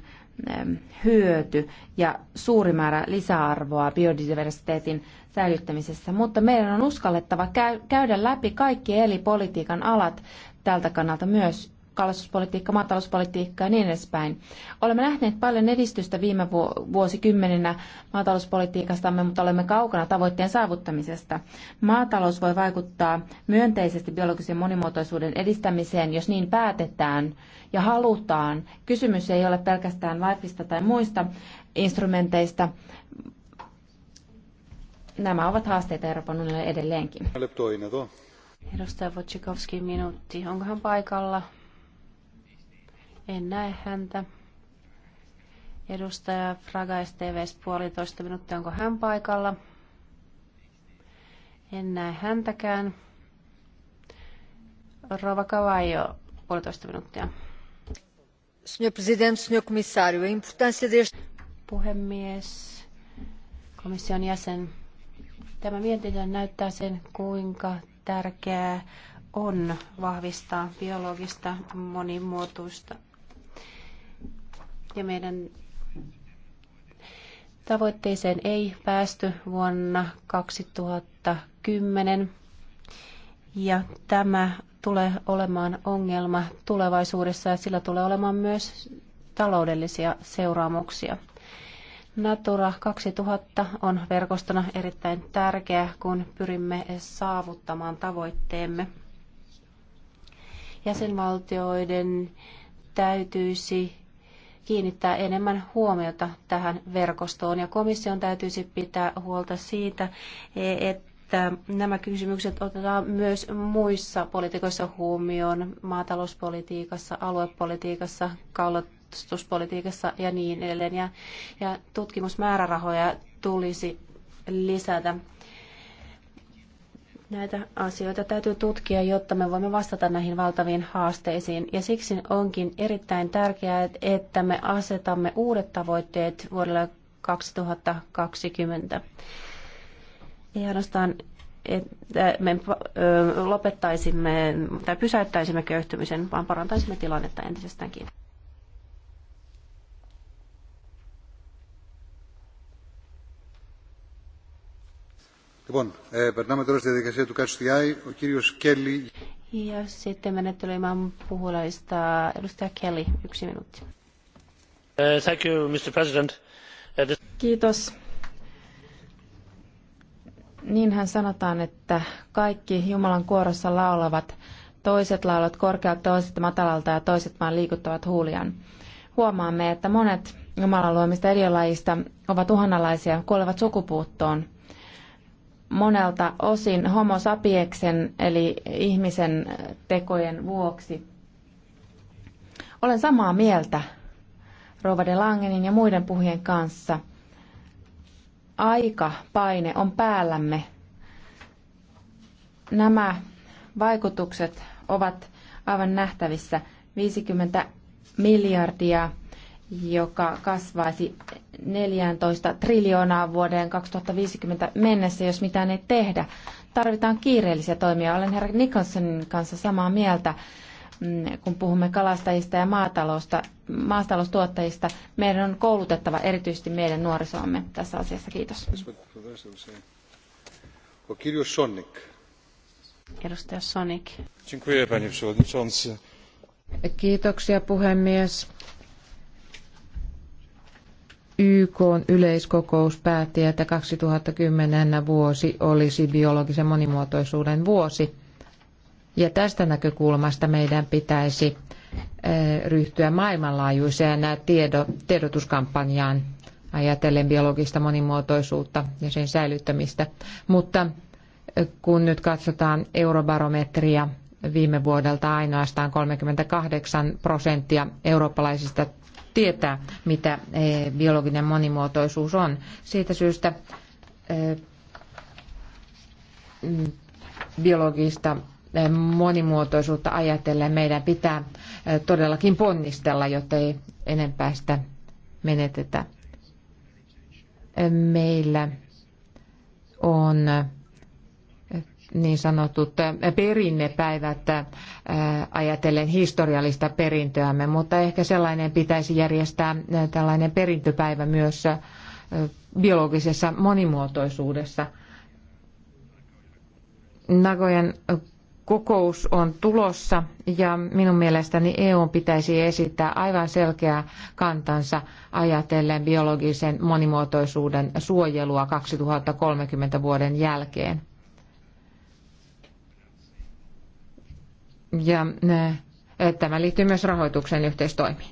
hyöty ja suuri määrä lisäarvoa biodiversiteetin säilyttämisessä, mutta meidän on uskallettava käydä läpi kaikki eli politiikan alat tältä kannalta myös kalastuspolitiikka, maatalouspolitiikka ja niin edespäin. Olemme nähneet paljon edistystä viime vuosikymmeninä maatalouspolitiikastamme, mutta olemme kaukana tavoitteen saavuttamisesta. Maatalous voi vaikuttaa myönteisesti biologisen monimuotoisuuden edistämiseen, jos niin päätetään ja halutaan. Kysymys ei ole pelkästään LIFEista tai muista instrumenteista. Nämä ovat haasteita Euroopan unionille edelleenkin. Edustaja Wojcikowski, minuutti. Onkohan paikalla? En näe häntä. Edustaja Fraga STVs puolitoista minuuttia, onko hän paikalla? En näe häntäkään. Rova Kavaio, puolitoista minuuttia. Senhor Presidente, senhor komissario, a importância Puhemies, komission jäsen. Tämä mietintö näyttää sen, kuinka tärkeää on vahvistaa biologista monimuotoista ja meidän tavoitteeseen ei päästy vuonna 2010 ja tämä tulee olemaan ongelma tulevaisuudessa ja sillä tulee olemaan myös taloudellisia seuraamuksia. Natura 2000 on verkostona erittäin tärkeä, kun pyrimme saavuttamaan tavoitteemme. Jäsenvaltioiden täytyisi kiinnittää enemmän huomiota tähän verkostoon ja komission täytyisi pitää huolta siitä, että nämä kysymykset otetaan myös muissa politiikoissa huomioon, maatalouspolitiikassa, aluepolitiikassa, kalastuspolitiikassa ja niin edelleen. Ja, ja tutkimusmäärärahoja tulisi lisätä Näitä asioita täytyy tutkia, jotta me voimme vastata näihin valtaviin haasteisiin. Ja siksi onkin erittäin tärkeää, että me asetamme uudet tavoitteet vuodelle 2020. Ei ainoastaan, että me lopettaisimme tai pysäyttäisimme köyhtymisen, vaan parantaisimme tilannetta entisestäänkin. Ja sitten menettelemään puhulaista edustaja Kelly, yksi minuutti. Uh, thank you, Mr. President. Uh, Kiitos. Niinhän sanotaan, että kaikki Jumalan kuorossa laulavat, toiset laulavat korkealta, toiset matalalta ja toiset vaan liikuttavat huuliaan. Huomaamme, että monet Jumalan luomista eriolajista ovat uhanalaisia, kuolevat sukupuuttoon monelta osin homo sapieksen eli ihmisen tekojen vuoksi. Olen samaa mieltä Rova de Langenin ja muiden puhujien kanssa. Aika paine on päällämme. Nämä vaikutukset ovat aivan nähtävissä. 50 miljardia joka kasvaisi 14 triljoonaa vuoteen 2050 mennessä, jos mitään ei tehdä. Tarvitaan kiireellisiä toimia. Olen herra Nicholsonin kanssa samaa mieltä, mm, kun puhumme kalastajista ja maatalousta, maataloustuottajista. Meidän on koulutettava erityisesti meidän nuorisoamme tässä asiassa. Kiitos. Edustaja Sonic. Kiitoksia puhemies YK yleiskokous päätti, että 2010 vuosi olisi biologisen monimuotoisuuden vuosi. Ja tästä näkökulmasta meidän pitäisi eh, ryhtyä maailmanlaajuiseen tiedotuskampanjaan ajatellen biologista monimuotoisuutta ja sen säilyttämistä. Mutta eh, kun nyt katsotaan eurobarometria viime vuodelta ainoastaan 38 prosenttia eurooppalaisista tietää, mitä eh, biologinen monimuotoisuus on. Siitä syystä eh, mm, biologista eh, monimuotoisuutta ajatellen meidän pitää todellakin ponnistella, jotta ei enempää sitä menetetä. Meillä on niin sanotut perinnepäivät äh, ajatellen historiallista perintöämme, mutta ehkä sellainen pitäisi järjestää äh, tällainen perintöpäivä myös äh, biologisessa monimuotoisuudessa. Nagojen kokous on tulossa ja minun mielestäni EU pitäisi esittää aivan selkeä kantansa ajatellen biologisen monimuotoisuuden suojelua 2030 vuoden jälkeen. Ja eh, tämä liittyy myös rahoituksen yhteistoimiin.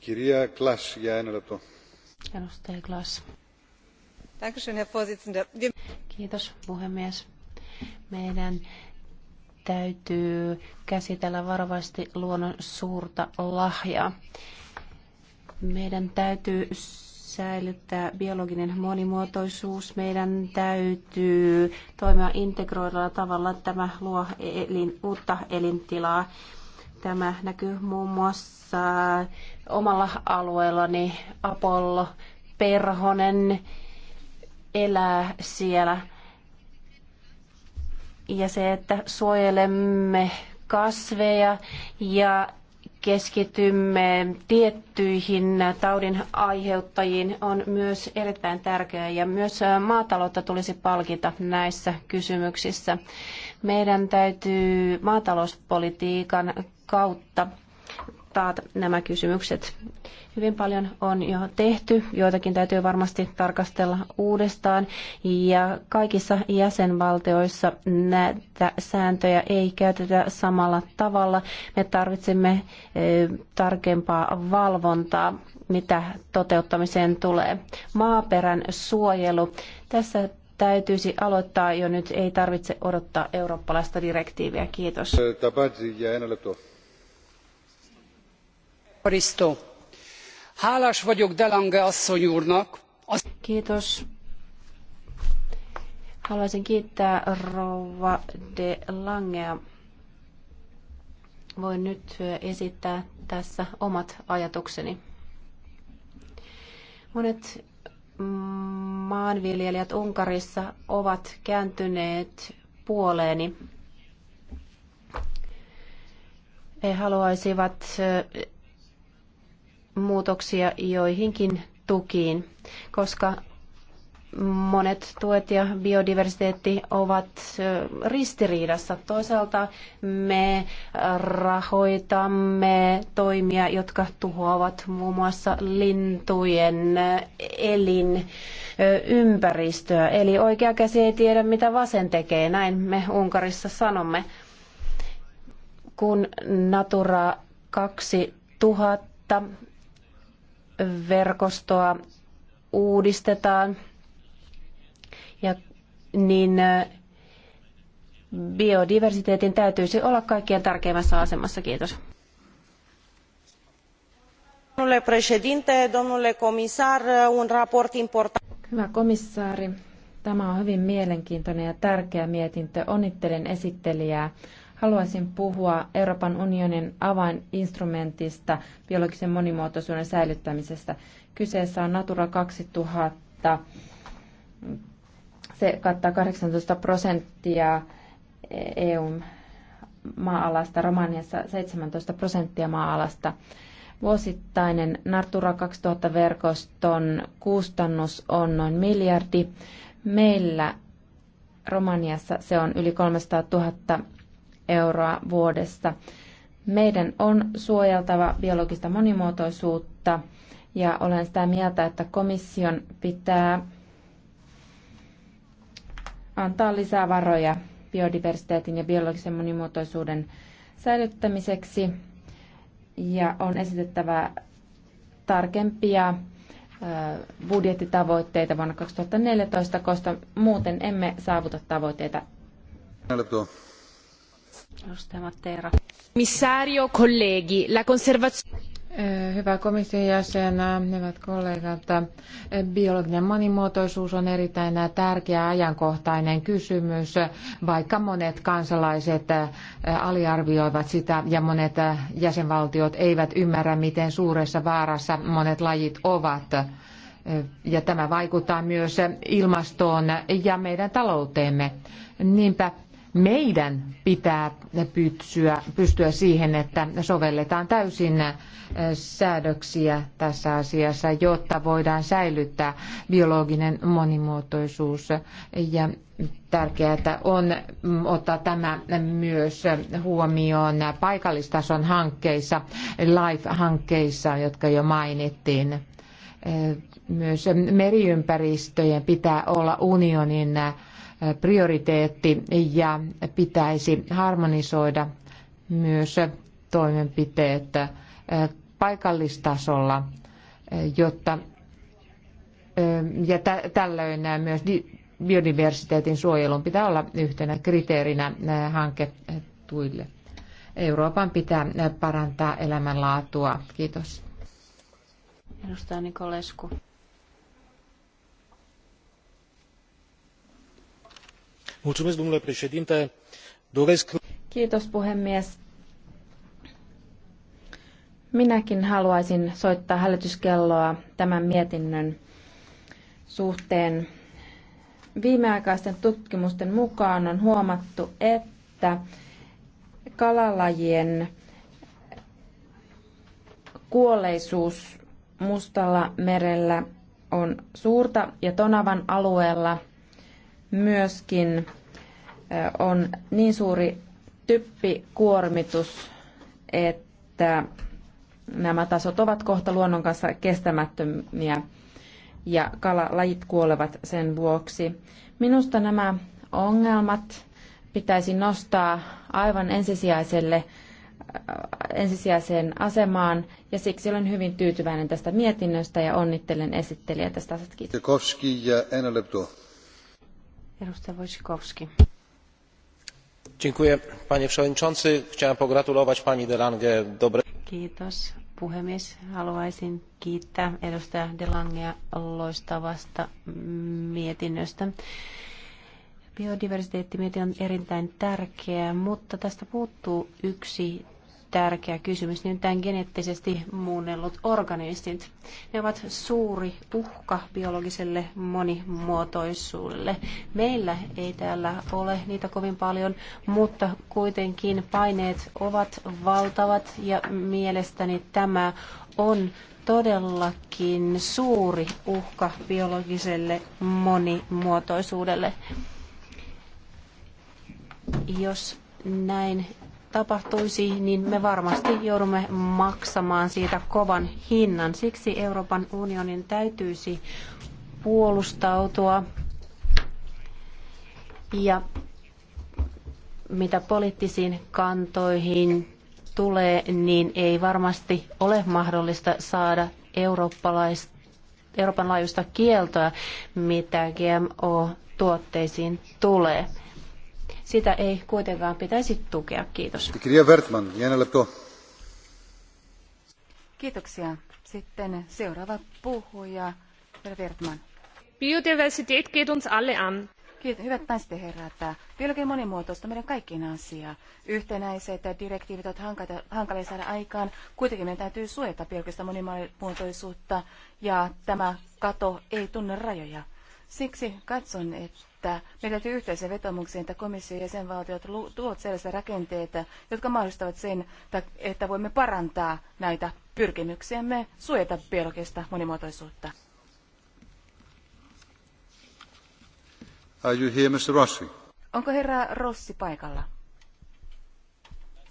Kirja Klaas, ja Edustaja Klaas. Kiitos puhemies. Meidän täytyy käsitellä varovasti luonnon suurta lahjaa. Meidän täytyy säilyttää biologinen monimuotoisuus. Meidän täytyy toimia integroidulla tavalla. Tämä luo elin, uutta elintilaa. Tämä näkyy muun muassa omalla alueellani Apollo Perhonen elää siellä. Ja se, että suojelemme kasveja ja keskitymme tiettyihin taudin aiheuttajiin on myös erittäin tärkeää ja myös maataloutta tulisi palkita näissä kysymyksissä. Meidän täytyy maatalouspolitiikan kautta taata nämä kysymykset. Hyvin paljon on jo tehty, joitakin täytyy varmasti tarkastella uudestaan ja kaikissa jäsenvaltioissa näitä sääntöjä ei käytetä samalla tavalla. Me tarvitsemme tarkempaa valvontaa, mitä toteuttamiseen tulee. Maaperän suojelu. Tässä täytyisi aloittaa jo nyt, ei tarvitse odottaa eurooppalaista direktiiviä. Kiitos hálás vagyok de lange asszony úrnak. Haluaisin kiittää rouva de Langea. Voin nyt esittää tässä omat ajatukseni. Monet maanviljelijät Unkarissa ovat kääntyneet puoleeni. He haluaisivat muutoksia joihinkin tukiin, koska monet tuet ja biodiversiteetti ovat ristiriidassa. Toisaalta me rahoitamme toimia, jotka tuhoavat muun muassa lintujen elinympäristöä. Eli oikea käsi ei tiedä, mitä vasen tekee, näin me Unkarissa sanomme. Kun Natura 2000 verkostoa uudistetaan ja niin biodiversiteetin täytyisi olla kaikkien tärkeimmässä asemassa. Kiitos. Hyvä komissaari, tämä on hyvin mielenkiintoinen ja tärkeä mietintö. Onnittelen esittelijää. Haluaisin puhua Euroopan unionin avaininstrumentista biologisen monimuotoisuuden säilyttämisestä. Kyseessä on Natura 2000. Se kattaa 18 prosenttia EUn maa-alasta, Romaniassa 17 prosenttia maa-alasta. Vuosittainen Natura 2000-verkoston kustannus on noin miljardi. Meillä Romaniassa se on yli 300 000 euroa vuodesta. Meidän on suojeltava biologista monimuotoisuutta ja olen sitä mieltä, että komission pitää antaa lisää varoja biodiversiteetin ja biologisen monimuotoisuuden säilyttämiseksi ja on esitettävä tarkempia budjettitavoitteita vuonna 2014, koska muuten emme saavuta tavoitteita. Missario, kollegi, la conservazione... Eh, hyvä komission jäsen, eh, hyvät kollegat. Eh, biologinen monimuotoisuus on erittäin tärkeä ajankohtainen kysymys, vaikka monet kansalaiset aliarvioivat sitä ja monet jäsenvaltiot eivät ymmärrä, miten suuressa vaarassa monet lajit ovat. Ja tämä vaikuttaa myös ilmastoon ja meidän talouteemme. Niinpä meidän pitää pysyä, pystyä siihen, että sovelletaan täysin äh, säädöksiä tässä asiassa, jotta voidaan säilyttää biologinen monimuotoisuus. Ja tärkeää on mm, ottaa tämä myös huomioon paikallistason hankkeissa, LIFE-hankkeissa, jotka jo mainittiin. Äh, myös meriympäristöjen pitää olla unionin äh, prioriteetti ja pitäisi harmonisoida myös toimenpiteet äh, paikallistasolla, äh, jotta äh, ja tällöin myös biodiversiteetin suojelun pitää olla yhtenä kriteerinä hanketuille. Euroopan pitää parantaa elämänlaatua. Kiitos. Edustaja Nikolesku. Kiitos puhemies. Minäkin haluaisin soittaa hälytyskelloa tämän mietinnön suhteen. Viimeaikaisten tutkimusten mukaan on huomattu, että kalalajien kuolleisuus Mustalla merellä on suurta ja Tonavan alueella – myöskin on niin suuri typpikuormitus, että nämä tasot ovat kohta luonnon kanssa kestämättömiä ja kalalajit kuolevat sen vuoksi. Minusta nämä ongelmat pitäisi nostaa aivan ensisijaiselle ensisijaiseen asemaan ja siksi olen hyvin tyytyväinen tästä mietinnöstä ja onnittelen esittelijä tästä asiasta. Kiitos panie przewodniczący. Chciałem pogratulować pani de lange Kiitos, puhemies. Haluaisin kiittää edustaja Delangea loistavasta mietinnöstä. on erittäin tärkeä, mutta tästä puuttuu yksi tärkeä kysymys, tämän geneettisesti muunnellut organismit. Ne ovat suuri uhka biologiselle monimuotoisuudelle. Meillä ei täällä ole niitä kovin paljon, mutta kuitenkin paineet ovat valtavat ja mielestäni tämä on todellakin suuri uhka biologiselle monimuotoisuudelle. Jos näin tapahtuisi, niin me varmasti joudumme maksamaan siitä kovan hinnan. Siksi Euroopan unionin täytyisi puolustautua ja mitä poliittisiin kantoihin tulee, niin ei varmasti ole mahdollista saada eurooppalaista Euroopan laajuista kieltoa, mitä GMO-tuotteisiin tulee. Sitä ei kuitenkaan pitäisi tukea. Kiitos. Kirja Kiitoksia. Sitten seuraava puhuja, Herra Wertmann. Biodiversiteet geht uns alle an. Kiitos. Hyvät naiset ja herrat, biologian monimuotoista meidän kaikkien asia. Yhtenäiset direktiivit ovat hankalia, hankalia saada aikaan. Kuitenkin meidän täytyy suojata biologista monimuotoisuutta ja tämä kato ei tunne rajoja. Siksi katson, että meidän täytyy yhteisen vetomuksen, että komissio ja valtiot tuovat sellaisia rakenteita, jotka mahdollistavat sen, että voimme parantaa näitä pyrkimyksiämme suojata biologista monimuotoisuutta. Are you here, Mr. Rossi? Onko herra Rossi paikalla?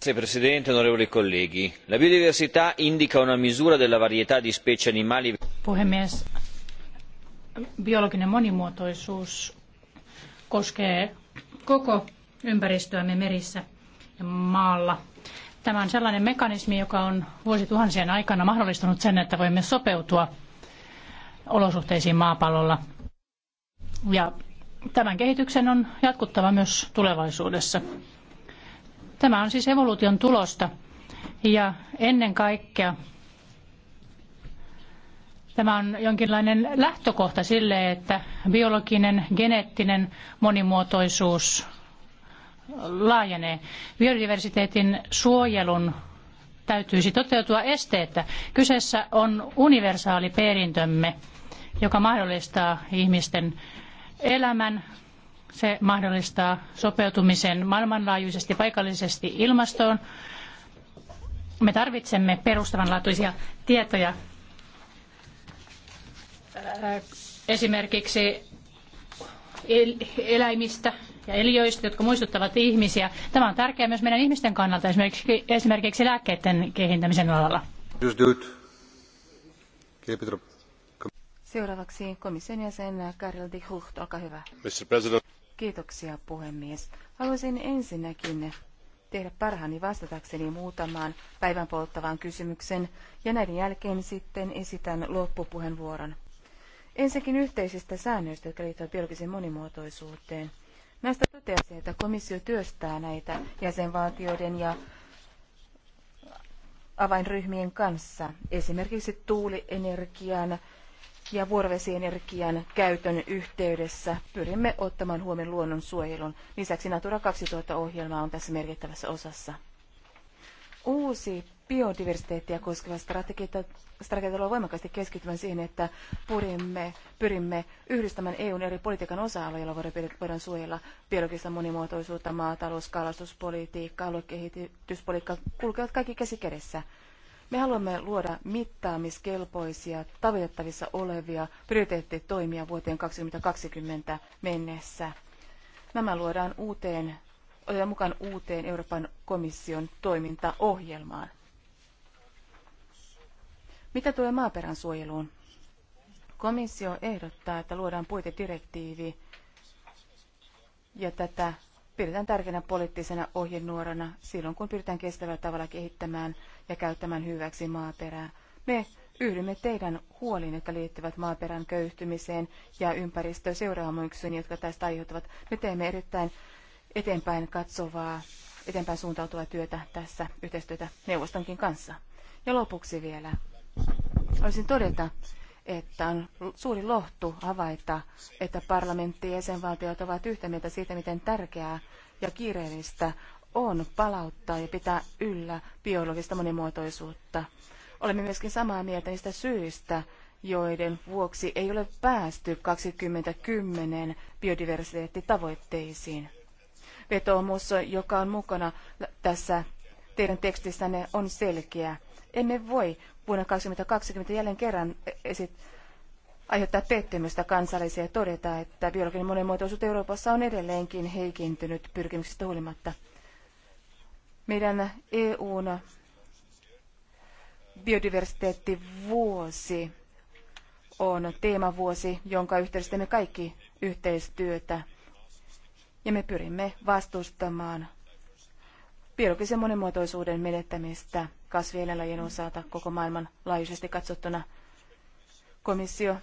Signor Presidente, onorevoli colleghi, la biodiversità indica una misura della varietà di specie animali. Puhemies, biologinen monimuotoisuus koskee koko ympäristöämme merissä ja maalla. Tämä on sellainen mekanismi, joka on vuosituhansien aikana mahdollistanut sen, että voimme sopeutua olosuhteisiin maapallolla. Ja tämän kehityksen on jatkuttava myös tulevaisuudessa. Tämä on siis evoluution tulosta ja ennen kaikkea Tämä on jonkinlainen lähtökohta sille, että biologinen, geneettinen monimuotoisuus laajenee. Biodiversiteetin suojelun täytyisi toteutua esteettä. Kyseessä on universaali perintömme, joka mahdollistaa ihmisten elämän. Se mahdollistaa sopeutumisen maailmanlaajuisesti, paikallisesti ilmastoon. Me tarvitsemme perustavanlaatuisia tietoja Äh, esimerkiksi eläimistä ja eliöistä, jotka muistuttavat ihmisiä. Tämä on tärkeää myös meidän ihmisten kannalta, esimerkiksi, esimerkiksi lääkkeiden kehittämisen alalla. Seuraavaksi komission jäsen Karel de Hucht, olkaa hyvä. Mr. President. Kiitoksia puhemies. Haluaisin ensinnäkin tehdä parhaani vastatakseni muutamaan päivän polttavaan kysymyksen ja näiden jälkeen sitten esitän loppupuheenvuoron. Ensinnäkin yhteisistä säännöistä, jotka liittyvät biologiseen monimuotoisuuteen. Näistä toteaisin, että komissio työstää näitä jäsenvaltioiden ja avainryhmien kanssa, esimerkiksi tuulienergian ja vuorovesienergian käytön yhteydessä pyrimme ottamaan huomioon luonnonsuojelun. Lisäksi Natura 2000-ohjelma on tässä merkittävässä osassa. Uusi biodiversiteettiä koskeva strategia, strategia tulee voimakkaasti keskittymään siihen, että pyrimme yhdistämään EUn eri politiikan osa-alueilla, joilla voidaan, voidaan suojella biologista monimuotoisuutta, maatalous, kalastuspolitiikka, aluekehityspolitiikka kulkevat kaikki käsi kädessä. Me haluamme luoda mittaamiskelpoisia, tavoitettavissa olevia prioriteettitoimia vuoteen 2020 mennessä. Nämä luodaan uuteen, otetaan mukaan uuteen Euroopan komission toimintaohjelmaan. Mitä tulee maaperän suojeluun? Komissio ehdottaa, että luodaan puitedirektiivi ja tätä pidetään tärkeänä poliittisena ohjenuorana silloin, kun pyritään kestävällä tavalla kehittämään ja käyttämään hyväksi maaperää. Me yhdymme teidän huoliin, jotka liittyvät maaperän köyhtymiseen ja ympäristöseuraamuksiin, jotka tästä aiheutuvat. Me teemme erittäin eteenpäin katsovaa, eteenpäin suuntautuvaa työtä tässä yhteistyötä neuvostonkin kanssa. Ja lopuksi vielä Olisin todeta, että on suuri lohtu havaita, että parlamentti ja jäsenvaltiot ovat yhtä mieltä siitä, miten tärkeää ja kiireellistä on palauttaa ja pitää yllä biologista monimuotoisuutta. Olemme myöskin samaa mieltä niistä syistä, joiden vuoksi ei ole päästy 2010 biodiversiteettitavoitteisiin. Vetoomus, joka on mukana tässä teidän tekstissänne, on selkeä. Emme voi vuonna 2020 jälleen kerran esit, aiheuttaa pettymystä kansallisia ja todeta, että biologinen monimuotoisuus Euroopassa on edelleenkin heikentynyt pyrkimyksistä huolimatta. Meidän EUn biodiversiteettivuosi on teemavuosi, jonka yhteydessä me kaikki yhteistyötä ja me pyrimme vastustamaan biologisen monimuotoisuuden menettämistä – kasvieläinlajien osalta koko maailman laajuisesti katsottuna. Komissio,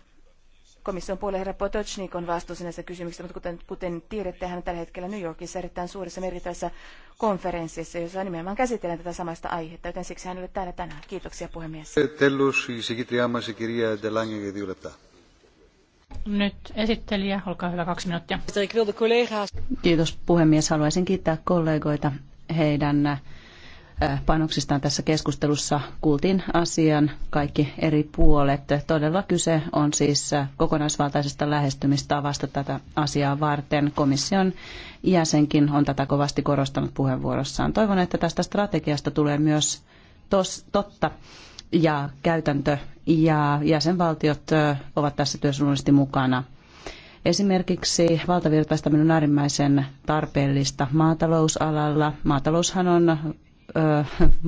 komission puolella herra Potocnik on vastuussa näistä kysymyksistä, mutta kuten, kuten tiedätte, hän tällä hetkellä New Yorkissa erittäin suuressa merkittävässä konferenssissa, jossa nimenomaan käsitellään tätä samaista aihetta, joten siksi hän ole täällä tänään. Kiitoksia puhemies. Nyt esittelijä, olkaa hyvä, kaksi minuuttia. Kiitos puhemies. Haluaisin kiittää kollegoita heidän panoksistaan tässä keskustelussa. Kuultiin asian kaikki eri puolet. Todella kyse on siis kokonaisvaltaisesta lähestymistavasta tätä asiaa varten. Komission jäsenkin on tätä kovasti korostanut puheenvuorossaan. Toivon, että tästä strategiasta tulee myös tos, totta ja käytäntö ja jäsenvaltiot ovat tässä työsuunnallisesti mukana. Esimerkiksi valtavirtaistaminen on äärimmäisen tarpeellista maatalousalalla. Maataloushan on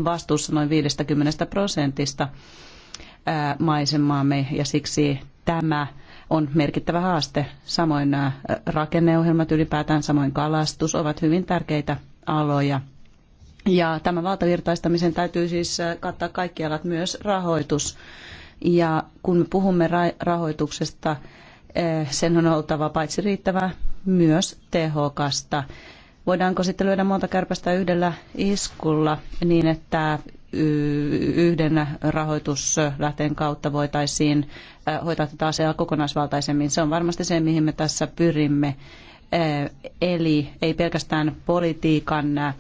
vastuussa noin 50 prosentista maisemaamme ja siksi tämä on merkittävä haaste. Samoin nämä rakenneohjelmat ylipäätään, samoin kalastus ovat hyvin tärkeitä aloja. Ja tämä valtavirtaistamisen täytyy siis kattaa kaikki alat, myös rahoitus. Ja kun me puhumme rahoituksesta, sen on oltava paitsi riittävää, myös tehokasta. Voidaanko sitten lyödä monta kärpästä yhdellä iskulla niin, että yhden rahoituslähteen kautta voitaisiin hoitaa tätä asiaa kokonaisvaltaisemmin. Se on varmasti se, mihin me tässä pyrimme. Eli ei pelkästään politiikan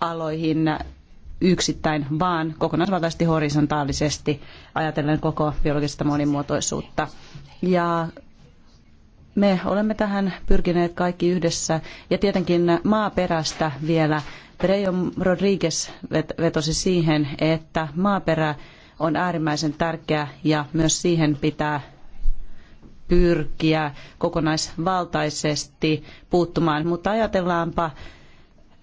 aloihin yksittäin, vaan kokonaisvaltaisesti horisontaalisesti ajatellen koko biologista monimuotoisuutta. Ja me olemme tähän pyrkineet kaikki yhdessä ja tietenkin maaperästä vielä. Perejo Rodriguez vetosi siihen, että maaperä on äärimmäisen tärkeä ja myös siihen pitää pyrkiä kokonaisvaltaisesti puuttumaan. Mutta ajatellaanpa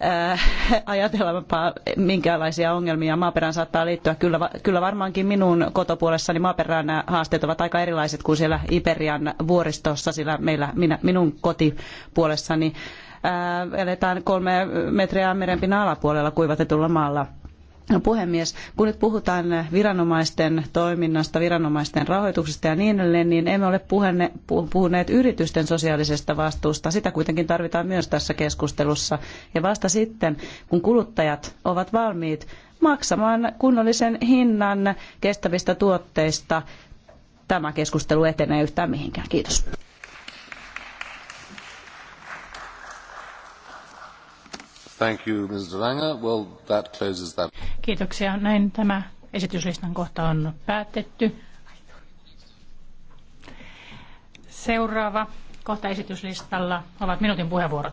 Äh, ajatellaanpa minkälaisia ongelmia maaperään saattaa liittyä. Kyllä, kyllä varmaankin minun kotopuolessani maaperään nämä haasteet ovat aika erilaiset kuin siellä Iberian vuoristossa, sillä meillä, minä, minun kotipuolessani ää, äh, eletään kolme metriä merenpinnan alapuolella kuivatetulla maalla. Puhemies, kun nyt puhutaan viranomaisten toiminnasta, viranomaisten rahoituksesta ja niin edelleen, niin emme ole puhuneet yritysten sosiaalisesta vastuusta. Sitä kuitenkin tarvitaan myös tässä keskustelussa. Ja vasta sitten, kun kuluttajat ovat valmiit maksamaan kunnollisen hinnan kestävistä tuotteista, tämä keskustelu etenee yhtään mihinkään. Kiitos. Kiitoksia. Näin tämä esityslistan kohta on päätetty. Seuraava kohta esityslistalla ovat minuutin puheenvuorot.